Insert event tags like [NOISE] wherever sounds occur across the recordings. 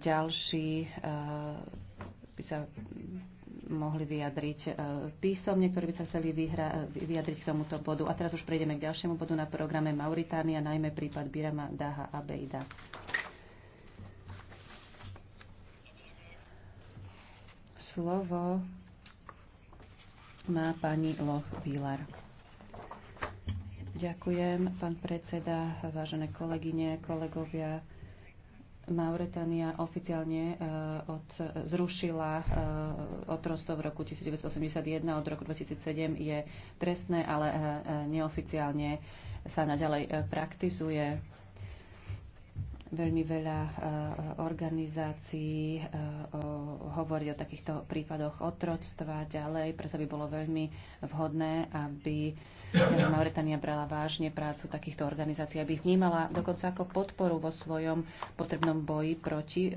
Ďalší e, by sa mohli vyjadriť e, písomne, ktorí by sa chceli vyjadriť k tomuto bodu. A teraz už prejdeme k ďalšiemu bodu na programe Mauritánia, najmä prípad Birama Daha Abeida. Slovo má pani Loch Bílar. Ďakujem, pán predseda, vážené kolegyne, kolegovia. Mauretania oficiálne e, od, zrušila e, otrostvo v roku 1981, od roku 2007 je trestné, ale e, neoficiálne sa naďalej praktizuje. Veľmi veľa e, organizácií e, hovorí o takýchto prípadoch otroctva ďalej, preto by bolo veľmi vhodné, aby Mauretania brala vážne prácu takýchto organizácií, aby ich vnímala dokonca ako podporu vo svojom potrebnom boji proti e,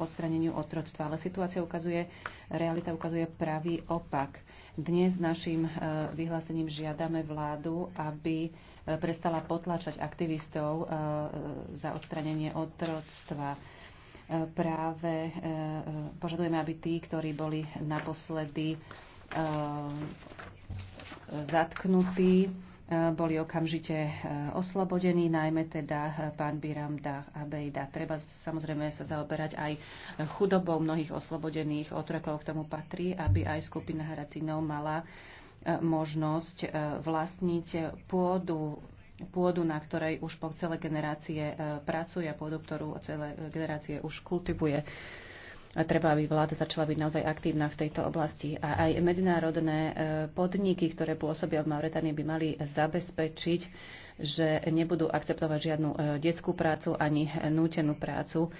odstraneniu otroctva. Ale situácia ukazuje, realita ukazuje pravý opak. Dnes našim e, vyhlásením žiadame vládu, aby e, prestala potlačať aktivistov e, za odstranenie otroctva práve požadujeme, aby tí, ktorí boli naposledy zatknutí, boli okamžite e, oslobodení, najmä teda e, pán Biram Dah Abejda. Treba samozrejme sa zaoberať aj chudobou mnohých oslobodených otrokov, k tomu patrí, aby aj skupina Haratinov mala e, možnosť vlastniť pôdu, pôdu, na ktorej už po celé generácie pracuje a pôdu, ktorú celé generácie už kultivuje treba, aby vláda začala byť naozaj aktívna v tejto oblasti. A aj medzinárodné e, podniky, ktoré pôsobia v Mauretánii, by mali zabezpečiť, že nebudú akceptovať žiadnu e, detskú prácu ani nútenú prácu.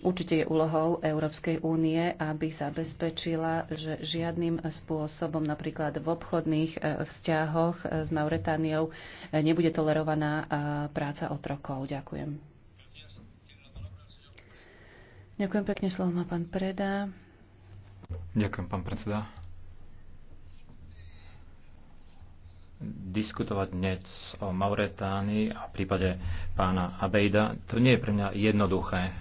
Určite je úlohou Európskej únie, aby zabezpečila, že žiadnym spôsobom napríklad v obchodných e, vzťahoch s Mauretániou nebude tolerovaná práca otrokov. Ďakujem. Ďakujem pekne, slovo má pán Preda. Ďakujem, pán predseda. Diskutovať dnes o Mauretánii a prípade pána Abejda, to nie je pre mňa jednoduché. E,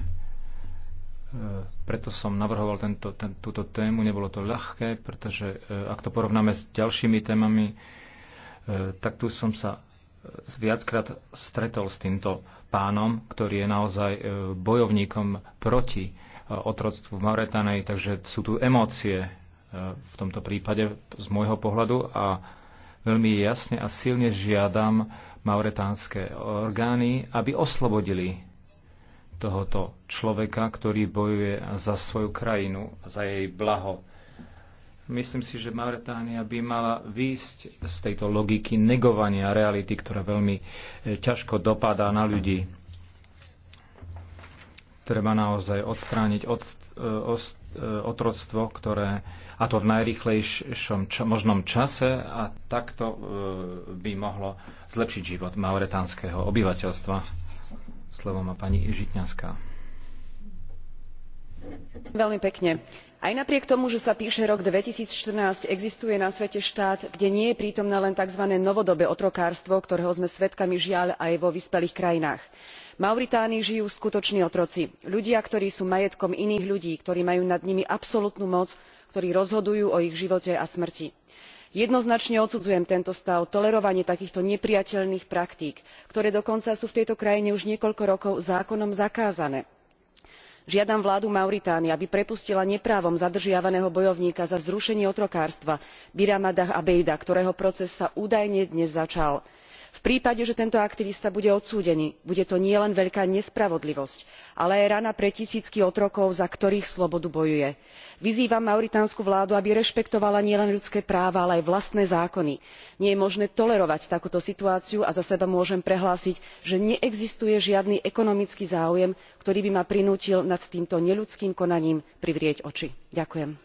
preto som navrhoval tento, ten, túto tému, nebolo to ľahké, pretože e, ak to porovnáme s ďalšími témami, e, tak tu som sa viackrát stretol s týmto pánom, ktorý je naozaj e, bojovníkom proti e, otroctvu v Mauretanej, takže sú tu emócie e, v tomto prípade z môjho pohľadu a veľmi jasne a silne žiadam mauretánske orgány, aby oslobodili tohoto človeka, ktorý bojuje za svoju krajinu, za jej blaho. Myslím si, že Mauretánia by mala výjsť z tejto logiky negovania reality, ktorá veľmi e, ťažko dopadá na ľudí. Treba naozaj odstrániť od, e, e, otroctvo, ktoré, a to v najrychlejšom možnom čase, a takto by mohlo zlepšiť život mauretánskeho obyvateľstva. Slovo má pani Žitňanská. Veľmi pekne aj napriek tomu že sa píše rok two thousand and fourteen existuje na svete štát kde nie je prítomné len takzvané novodobé otrokárstvo ktorého sme svedkami žiaľ aj vo vyspelých krajinách. v mauritánii žijú skutoční otroci ľudia ktorí sú majetkom iných ľudí ktorí majú nad nimi absolútnu moc ktorí rozhodujú o ich živote a smrti. jednoznačne odsudzujem tento stav tolerovanie takýchto neprijateľných praktík ktoré dokonca sú v tejto krajine už niekoľko rokov zákonom zakázané žiadam vládu mauritánie aby prepustila neprávom zadržiavaného bojovníka za zrušenie otrokárstva birama daha abejda ktorého proces sa údajne dnes začal v prípade že tento aktivista bude odsúdený bude to nielen veľká nespravodlivosť ale aj rana pre tisícky otrokov za ktorých slobodu bojuje. vyzývam mauritánsku vládu aby rešpektovala nielen ľudské práva ale aj vlastné zákony. nie je možné tolerovať takúto situáciu a za seba môžem prehlásiť že neexistuje žiadny ekonomický záujem ktorý by ma prinútil nad týmto neľudským konaním privrieť oči. ďakujem.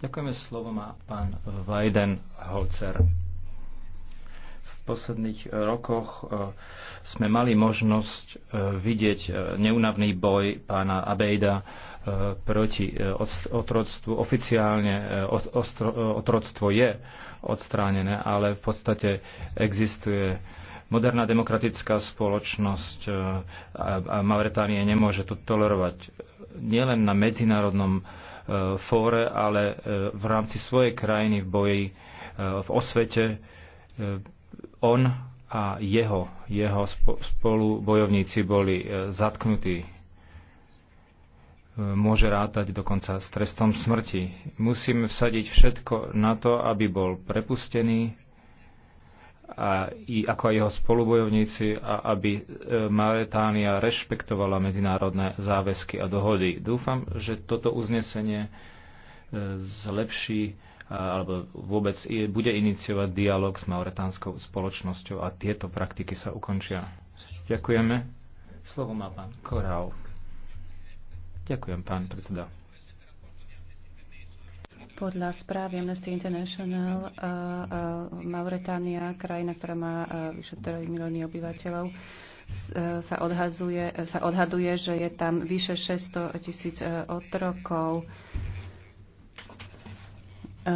Ďakujeme slovo má pán Holzer. V posledných e, rokoch e, sme mali možnosť e, vidieť neunavný boj pána Abejda proti otroctvu. Oficiálne otroctvo je odstránené, ale v podstate existuje Moderná demokratická spoločnosť e, a Mauretánie nemôže to tolerovať nielen na medzinárodnom e, fóre, ale e, v rámci svojej krajiny v boji v osvete. On a jeho, jeho spolubojovníci boli zatknutí môže rátať dokonca s trestom smrti. Musíme vsadiť všetko na to, aby bol prepustený a i ako aj jeho spolubojovníci, a aby e, Mauretánia rešpektovala medzinárodné záväzky a dohody. Dúfam, že toto uznesenie e, zlepší alebo vôbec bude iniciovať dialog s mauretánskou spoločnosťou a tieto praktiky sa ukončia. Ďakujeme. Slovo má pán Korau. Ďakujem, pán predseda. Podľa správy Amnesty International uh, uh, Mauretánia, krajina, ktorá má uh, vyše 3 milióny obyvateľov, e, sa, odhazuje, e, sa odhaduje, že je tam vyše 600 tisíc e, otrokov v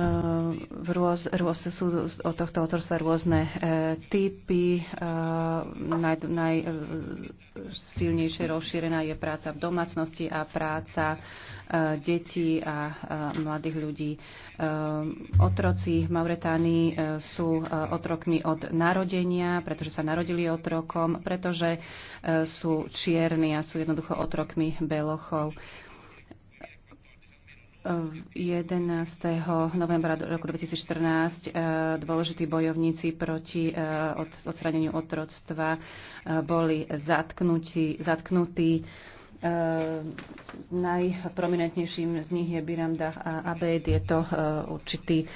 rôz, rôz, sú od tohto autorstva rôzne e, typy. E, naj, najsilnejšie rozšírená je práca v domácnosti a práca e, detí a e, mladých ľudí. E, otroci v Mauretánii e, sú e, otrokmi od narodenia, pretože sa narodili otrokom, pretože e, sú čierni a sú jednoducho otrokmi belochov. E, 11. novembra roku 2014 e, dôležití bojovníci proti e, odstraneniu otroctva e, boli zatknutí. zatknutí. Najprominentnejším z nich je Biram Dah Abed. Je to určitý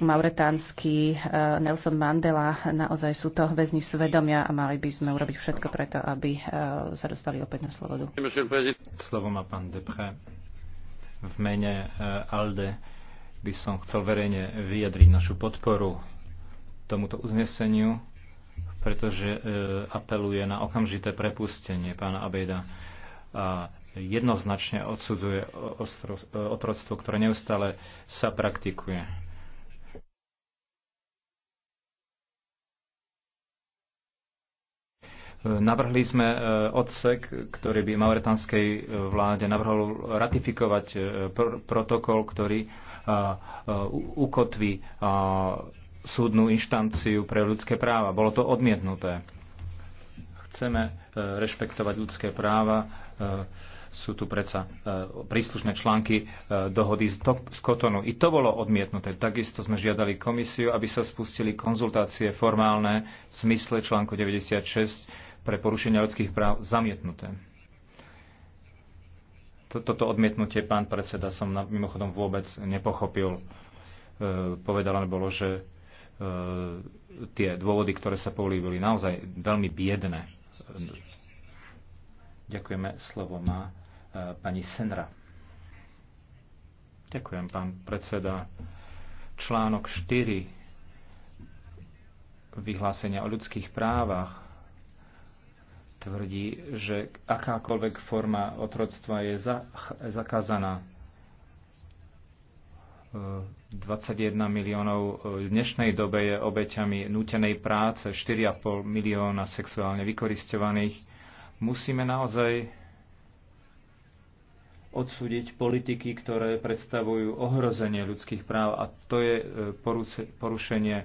mauretánsky Nelson Mandela. Naozaj sú to väzni svedomia a mali by sme urobiť všetko preto, aby sa dostali opäť na slobodu. Slovo má pán Depre v mene e, ALDE by som chcel verejne vyjadriť našu podporu tomuto uzneseniu, pretože e, apeluje na okamžité prepustenie pána Abejda a jednoznačne odsudzuje e, otroctvo, ktoré neustále sa praktikuje Navrhli sme e, odsek, ktorý by mauretanskej e, vláde navrhol ratifikovať e, pr- protokol, ktorý ukotví súdnu inštanciu pre ľudské práva. Bolo to odmietnuté. Chceme rešpektovať ľudské práva. Sú tu predsa príslušné články dohody z, to- z Kotonu. I to bolo odmietnuté. Takisto sme žiadali komisiu, aby sa spustili konzultácie formálne v zmysle článku 96 pre porušenia ľudských práv zamietnuté. Toto odmietnutie, pán predseda, som na, mimochodom vôbec nepochopil. E, len bolo, že e, tie dôvody, ktoré sa povolili, boli naozaj veľmi biedné. Ďakujeme. Slovo má e, pani Senra. Ďakujem, pán predseda. Článok 4 vyhlásenia o ľudských právach tvrdí, že akákoľvek forma otroctva je zakázaná. 21 e, miliónov e, v dnešnej dobe je obeťami nútenej práce, 4,5 milióna sexuálne vykoristovaných. Musíme naozaj odsúdiť politiky, ktoré predstavujú ohrozenie ľudských práv a to je e, porušenie e,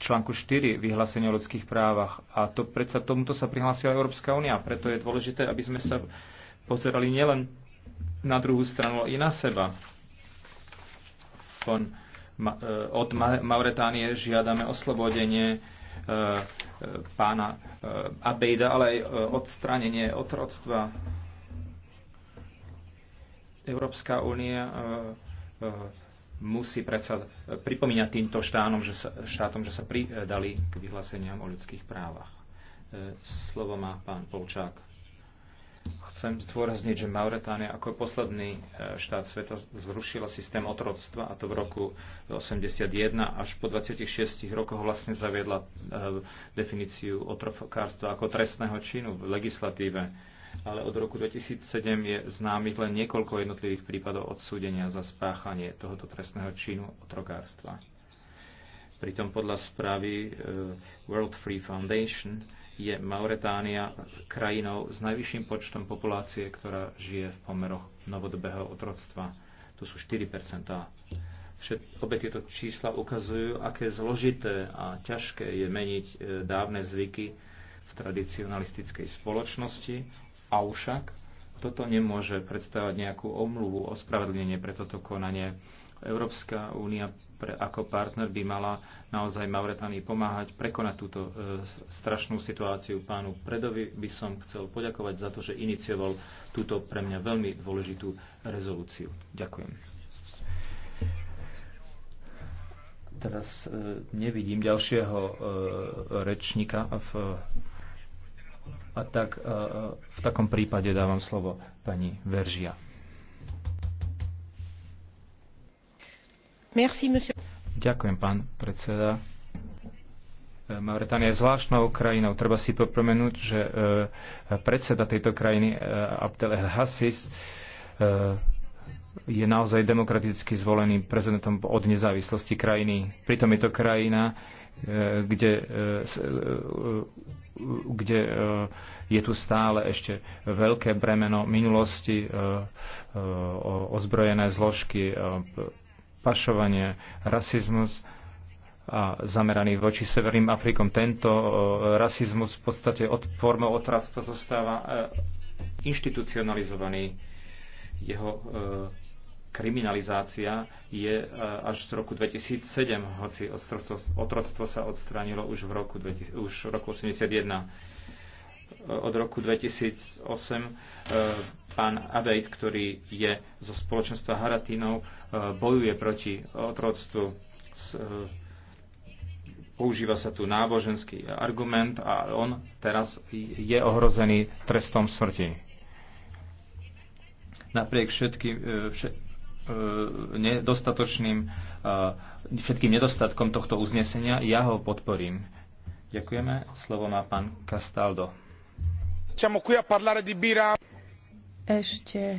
článku 4 vyhlásenia o ľudských právach. A to predsa tomuto sa prihlásila Európska únia. Preto je dôležité, aby sme sa pozerali nielen na druhú stranu, ale i na seba. ma, e, od Mauretánie žiadame oslobodenie pána Abejda, ale aj odstránenie otroctva Európska únia e, e, musí predsa pripomínať týmto štátom, že sa, štátom, že sa pridali k vyhláseniam o ľudských právach. E, slovo má pán Polčák. Chcem zdôrazniť, že Mauretánia ako posledný štát sveta zrušila systém otroctva a to v roku 81 až po 26 rokoch vlastne zaviedla definíciu otrokárstva ako trestného činu v legislatíve ale od roku 2007 je známych len niekoľko jednotlivých prípadov odsúdenia za spáchanie tohoto trestného činu otrokárstva. Pritom podľa správy eh, World Free Foundation je Mauretánia krajinou s najvyšším počtom populácie, ktorá žije v pomeroch novodobého otroctva. To sú 4 Všet, obe tieto čísla ukazujú, aké zložité a ťažké je meniť eh, dávne zvyky v tradicionalistickej spoločnosti Avšak toto nemôže predstavovať nejakú omluvu, ospravedlnenie pre toto konanie. Európska únia pre, ako partner by mala naozaj Mauretánii pomáhať prekonať túto e, strašnú situáciu. Pánu Predovi by som chcel poďakovať za to, že inicioval túto pre mňa veľmi dôležitú rezolúciu. Ďakujem. Teraz e, nevidím ďalšieho e, rečníka v a tak e, e, v takom prípade dávam slovo pani Veržia. Merci, Ďakujem, pán predseda. E, Mauretania je zvláštnou krajinou. Treba si popomenúť, že predseda tejto krajiny Abdel El Hassis je naozaj demokraticky zvoleným prezidentom od nezávislosti krajiny. Pritom je to krajina, Eh, kde, eh, eh, kde je tu stále ešte veľké bremeno minulosti, ozbrojené zložky, pašovanie, rasizmus a zameraný voči Severným Afrikom. Tento rasizmus v podstate od formou otractva zostáva inštitucionalizovaný. Jeho kriminalizácia je e, až z roku 2007, hoci otroctvo, otroctvo sa odstránilo už v roku, 2000, už v roku 81. E, od roku 2008 e, pán Abejt, ktorý je zo spoločenstva Haratinov, bojuje proti otroctvu. Používa sa tu náboženský argument a on teraz je ohrozený trestom smrti napriek všetkým, všet, E, nedostatočným e, všetkým nedostatkom tohto uznesenia. Ja ho podporím. Ďakujeme. Slovo má pán Castaldo. Siamo qui a parlare di ešte e,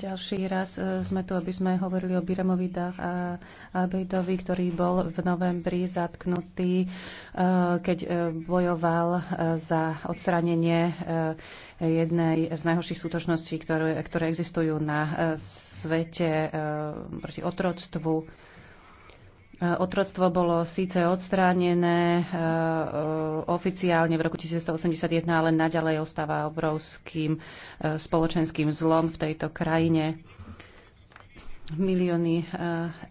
ďalší raz e, sme tu, aby sme hovorili o Biremovi Dach a Abejdovi, ktorý bol v novembri zatknutý, e, keď bojoval za odstranenie jednej z najhorších skutočností, ktoré, ktoré existujú na svete proti otroctvu. Eh, otroctvo bolo síce odstránené eh, oficiálne v roku 1981, ale naďalej ostáva obrovským eh, spoločenským zlom v tejto krajine milióny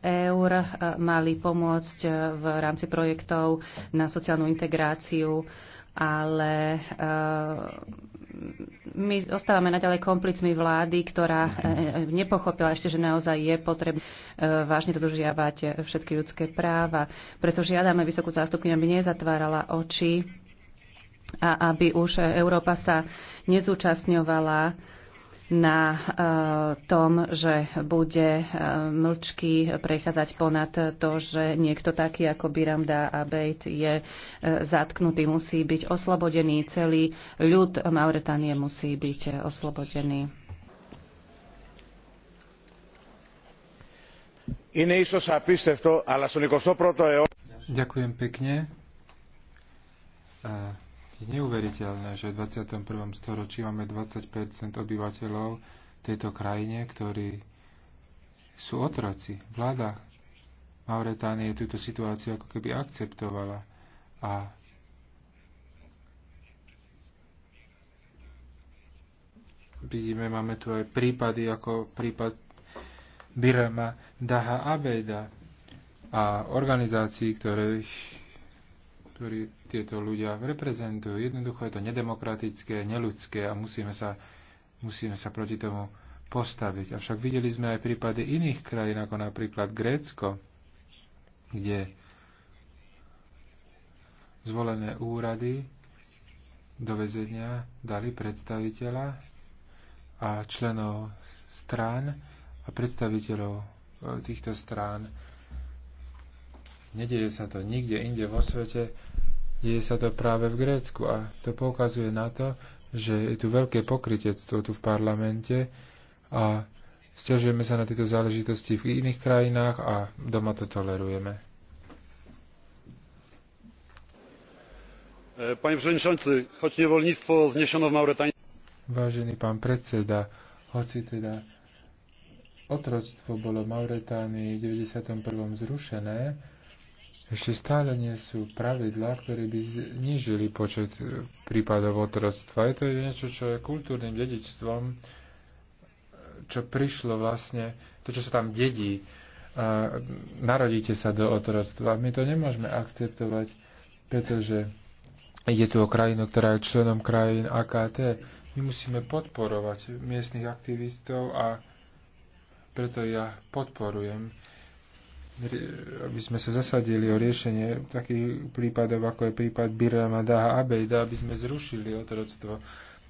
eur mali pomôcť v rámci projektov na sociálnu integráciu ale eh, my ostávame naďalej komplicmi vlády, ktorá eh, nepochopila ešte, že naozaj je potrebné eh, vážne dodržiavať všetky ľudské práva. Preto žiadame vysokú zástupkyňu, aby nezatvárala oči a aby už Európa sa nezúčastňovala na eh, tom, že bude eh, mlčky prechádzať ponad to, že niekto taký ako Biramda Abejt je eh, zatknutý, musí byť oslobodený. Celý ľud Mauretánie musí byť oslobodený. Ďakujem pekne. Je neuveriteľné, že v 21. storočí máme 20 obyvateľov tejto krajine, ktorí sú otroci. Vláda Mauretánie túto situáciu ako keby akceptovala a vidíme, máme tu aj prípady ako prípad Birama Daha Abeda a organizácií, ktorých ktorý tieto ľudia reprezentujú. Jednoducho je to nedemokratické, neludské a musíme sa, musíme sa proti tomu postaviť. Avšak videli sme aj prípady iných krajín, ako napríklad Grécko, kde zvolené úrady do vezenia dali predstaviteľa a členov strán a predstaviteľov e, týchto strán Nedieje sa to nikde inde vo svete, deje sa to práve v Grécku a to poukazuje na to, že je tu veľké pokritectvo tu v parlamente a stiažujeme sa na tieto záležitosti v iných krajinách a doma to tolerujeme. E, Pani przewodniczący, choć niewolnictwo zniesiono w Mauretanii. Vážený pán predseda, hoci teda otroctvo bolo v Mauretánii v 91. zrušené, ešte stále nie sú pravidlá, ktoré by znižili počet e, prípadov otroctva. Je to niečo, čo je kultúrnym dedičstvom, e, čo prišlo vlastne, to, čo sa tam dedí. A e, narodíte sa do otroctva. My to nemôžeme akceptovať, pretože ide tu o krajinu, ktorá je členom krajín AKT. My musíme podporovať miestnych aktivistov a preto ja podporujem aby sme sa zasadili o riešenie takých prípadov, ako je prípad Birama Daha Abejda, aby sme zrušili otroctvo.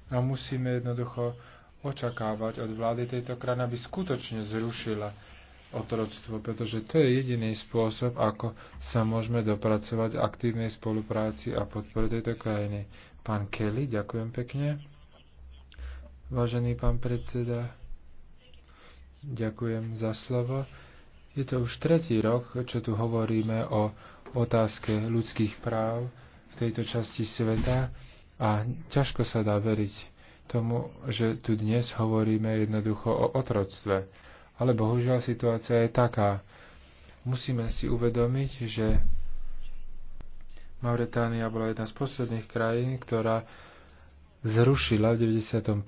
A musíme jednoducho očakávať od vlády tejto krajiny, aby skutočne zrušila otroctvo, pretože to je jediný spôsob, ako sa môžeme dopracovať v aktívnej spolupráci a podpore tejto krajiny. Pán Kelly, ďakujem pekne. Vážený pán predseda, ďakujem za slovo. Je to už tretí rok, čo tu hovoríme o otázke ľudských práv v tejto časti sveta a ťažko sa dá veriť tomu, že tu dnes hovoríme jednoducho o otroctve. Ale bohužiaľ situácia je taká. Musíme si uvedomiť, že Mauretánia bola jedna z posledných krajín, ktorá zrušila v 91.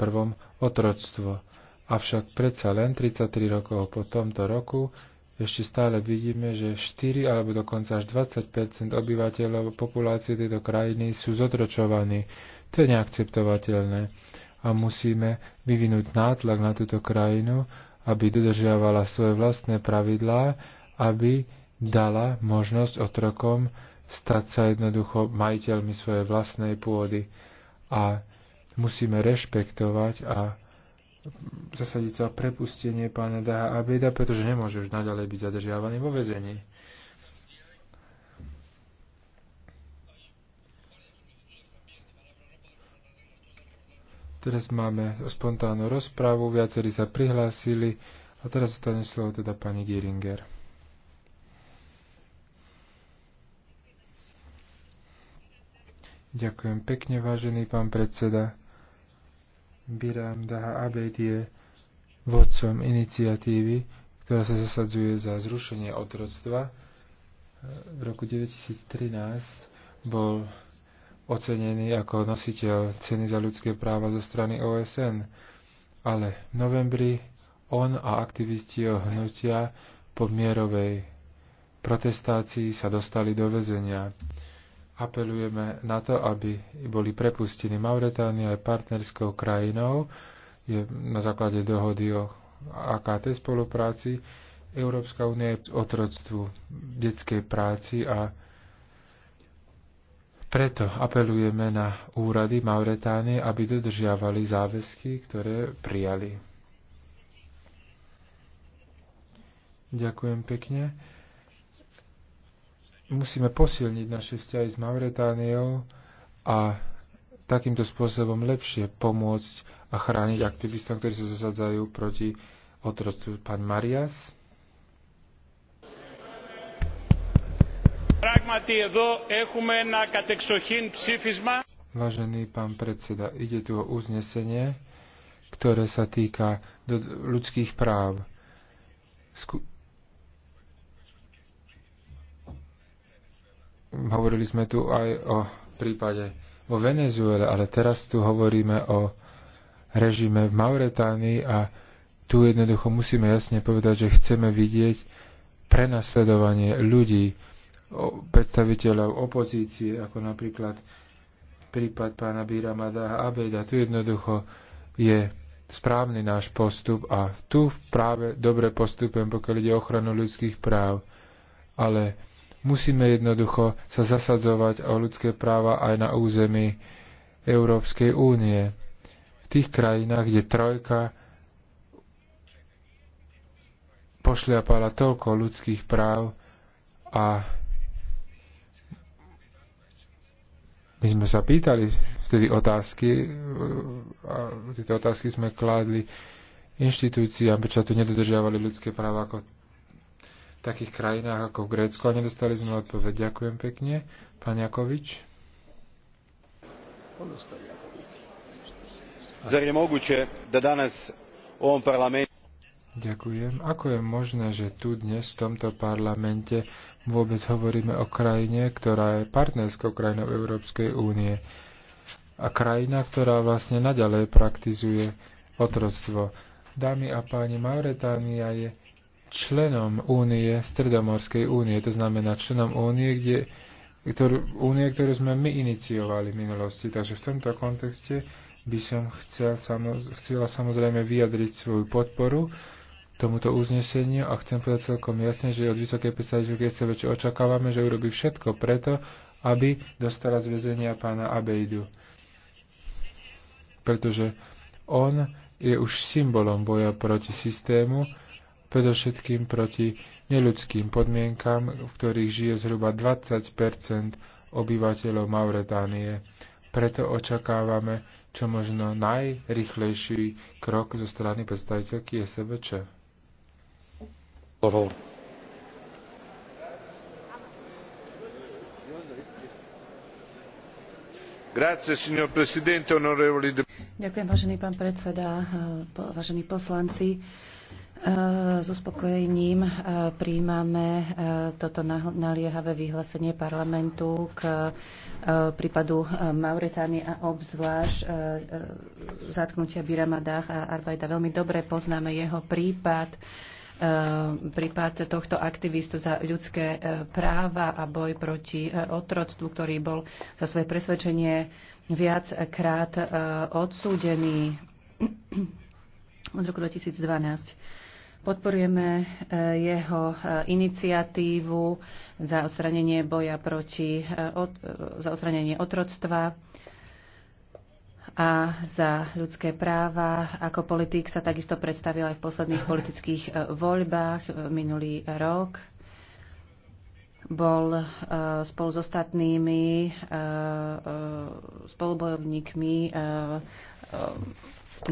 otroctvo. Avšak predsa len 33 rokov po tomto roku ešte stále vidíme, že 4 alebo dokonca až 20 obyvateľov populácie tejto krajiny sú zotročovaní. To je neakceptovateľné a musíme vyvinúť nátlak na túto krajinu, aby dodržiavala svoje vlastné pravidlá, aby dala možnosť otrokom stať sa jednoducho majiteľmi svojej vlastnej pôdy. A musíme rešpektovať a zasadiť sa o prepustenie pána Daha Abeda, pretože nemôže už naďalej byť zadržiavaný vo vezení. Teraz máme spontánnu rozprávu, viacerí sa prihlásili a teraz zostane slovo teda pani Geringer. Ďakujem pekne, vážený pán predseda. Biram Daha Abed je vodcom iniciatívy, ktorá sa zasadzuje za zrušenie otroctva. V roku 2013 bol ocenený ako nositeľ ceny za ľudské práva zo strany OSN, ale v novembri on a aktivisti jeho hnutia po mierovej protestácii sa dostali do väzenia apelujeme na to, aby boli prepustení. Mauretánia je partnerskou krajinou, je na základe dohody o AKT spolupráci. Európska únia je otroctvu detskej práci a preto apelujeme na úrady Mauretánie, aby dodržiavali záväzky, ktoré prijali. Ďakujem pekne musíme posilniť naše vzťahy s Mauretániou a takýmto spôsobom lepšie pomôcť a chrániť aktivistom, ktorí sa zasadzajú proti otrocu. Pán Marias. Vážený pán predseda, ide tu o uznesenie, ktoré sa týka ľudských práv. Hovorili sme tu aj o prípade vo Venezuele, ale teraz tu hovoríme o režime v Mauretánii a tu jednoducho musíme jasne povedať, že chceme vidieť prenasledovanie ľudí, predstaviteľov opozície, ako napríklad prípad pána Bíra a Abeda. Tu jednoducho je správny náš postup a tu práve dobre postupujem, pokiaľ ide o ochranu ľudských práv. Ale Musíme jednoducho sa zasadzovať o ľudské práva aj na území Európskej únie. V tých krajinách, kde trojka pošliapala toľko ľudských práv a my sme sa pýtali vtedy otázky a tieto otázky sme kládli inštitúciám, prečo tu nedodržiavali ľudské práva ako takých krajinách ako v Grécku a nedostali sme odpoveď. Ďakujem pekne. Pán Jakovič. je moguće da danas u ovom parlamentu Ďakujem. Ako je možné, že tu dnes v tomto parlamente vôbec hovoríme o krajine, ktorá je partnerskou krajinou Európskej únie a krajina, ktorá vlastne naďalej praktizuje otroctvo. Dámy a páni, Mauretánia je členom únie, Stredomorskej únie, to znamená členom únie, kde, ktorú, únie, ktorú sme my iniciovali v minulosti. Takže v tomto kontexte by som chcel, chcela samozrejme vyjadriť svoju podporu tomuto uzneseniu a chcem povedať celkom jasne, že od vysokej predstaviteľky väčšie očakávame, že urobí všetko preto, aby dostala z väzenia pána Abejdu. Pretože on je už symbolom boja proti systému, predovšetkým proti neľudským podmienkam, v ktorých žije zhruba 20 obyvateľov Mauretánie. Preto očakávame čo možno najrychlejší krok zo strany predstaviteľky SVČ. Ďakujem, vážený pán predseda, vážení poslanci. Eh, S uspokojením eh, príjmame eh, toto naliehavé vyhlásenie parlamentu k prípadu Mauretány a obzvlášť zatknutia Birama Dach a Arbajda. Veľmi dobre poznáme jeho prípad prípad tohto aktivistu za ľudské práva a boj proti otroctvu, ktorý bol za svoje presvedčenie viackrát odsúdený [CLEARS THROAT] od roku 2012. Podporujeme e, jeho e, iniciatívu za osranenie boja proti, e, za osranenie otroctva a za ľudské práva. Ako politik sa takisto predstavil aj v posledných politických voľbách minulý rok. Bol spolu s ostatnými spolubojovníkmi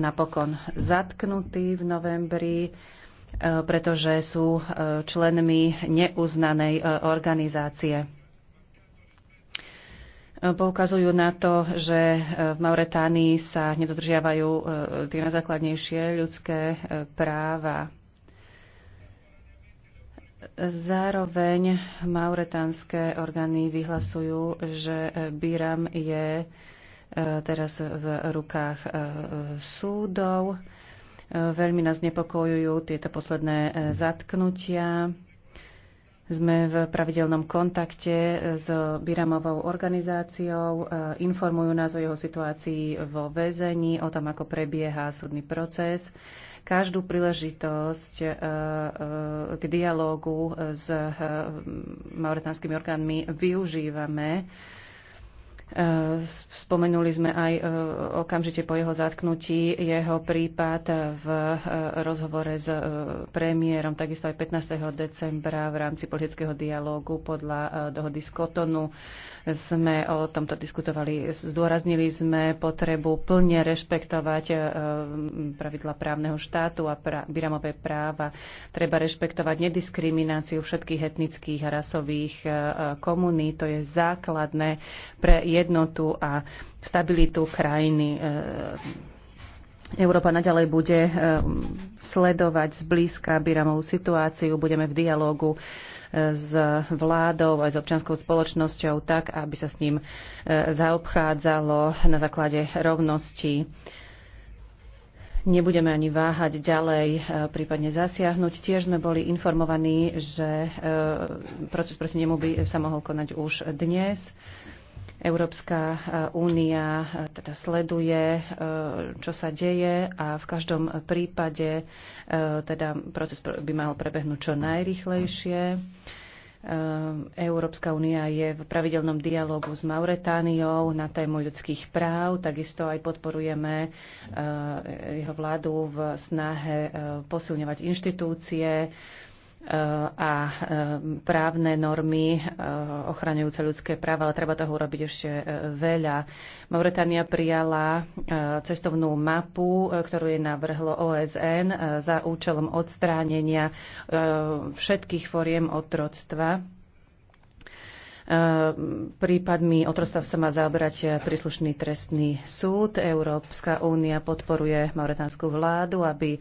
napokon zatknutý v novembri E, pretože sú e, členmi neuznanej e, organizácie. Poukazujú na to, že v Mauretánii sa nedodržiavajú tie najzákladnejšie ľudské práva. Zároveň mauretánske orgány vyhlasujú, že BIRAM je teraz v rukách súdov Veľmi nás nepokojujú tieto posledné e, zatknutia. Sme v pravidelnom kontakte s Biramovou organizáciou, e, informujú nás o jeho situácii vo väzení, o tom, ako prebieha súdny proces. Každú príležitosť e, k dialógu s mauritánskymi orgánmi využívame Eh, spomenuli sme aj eh, okamžite po jeho zatknutí jeho prípad v eh, rozhovore s premiérom, takisto aj 15. decembra v rámci politického dialógu podľa dohody z Kotonu. Sme o tomto diskutovali, zdôraznili sme potrebu plne rešpektovať pravidla právneho štátu a biramové práva. Treba rešpektovať nediskrimináciu všetkých etnických a rasových komuní. To je základné pre jedno jednotu a stabilitu krajiny. E, Európa naďalej bude e, sledovať zblízka Biramovú situáciu, budeme v dialogu e, s vládou aj s občianskou spoločnosťou tak, aby sa s ním zaobchádzalo na základe rovnosti. Nebudeme ani váhať ďalej, prípadne zasiahnuť. Tiež sme boli informovaní, že proces proti nemu by sa mohol konať už dnes. Európska e, únia e, teda sleduje, e, čo sa deje a v každom prípade teda proces by mal prebehnúť čo najrychlejšie. Európska únia je v pravidelnom dialogu s Mauretániou na tému ľudských práv. Takisto aj podporujeme jeho vládu v snahe posilňovať inštitúcie, a e, právne normy e, ochraňujúce ľudské práva, ale treba toho urobiť ešte e, veľa. Mauretania prijala cestovnú mapu, ktorú jej navrhlo OSN za účelom odstránenia všetkých foriem otroctva Ehm, prípadmi otrostav sa má zaoberať príslušný trestný súd. Európska únia podporuje mauretánsku vládu, aby ehm,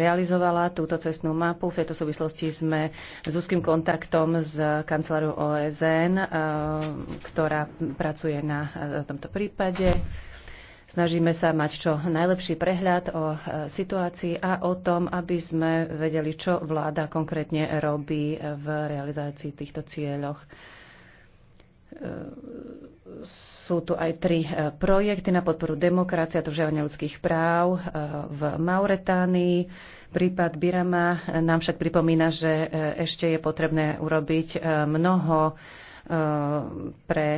realizovala túto cestnú mapu. V tejto súvislosti sme s úzkým kontaktom s kanceláriou OSN, ehm, ktorá pracuje na e, tomto prípade. Snažíme sa mať čo najlepší prehľad o e, situácii a o tom, aby sme vedeli, čo vláda konkrétne robí v realizácii týchto cieľoch sú tu aj tri e, projekty na podporu demokracie a dodržiavania ľudských práv e, v Mauretánii. Prípad Birama nám však pripomína, že e, ešte je potrebné urobiť mnoho pre,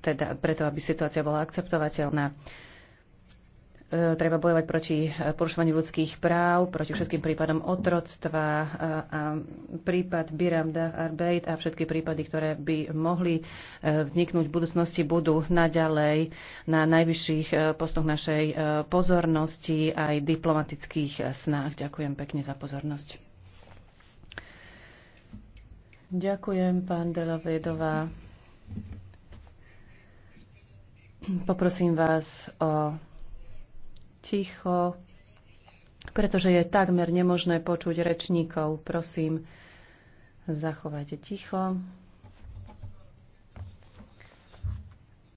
teda, preto, aby situácia bola akceptovateľná. E, treba bojovať proti e, porušovaniu ľudských práv, proti všetkým prípadom otroctva e, a prípad Biramda Arbeid a všetky prípady, ktoré by mohli vzniknúť v budúcnosti, budú naďalej na najvyšších postoch našej pozornosti aj diplomatických snách. Ďakujem pekne za pozornosť. Ďakujem, pán Delavedová. Poprosím vás o ticho, pretože je takmer nemožné počuť rečníkov. Prosím, zachovajte ticho.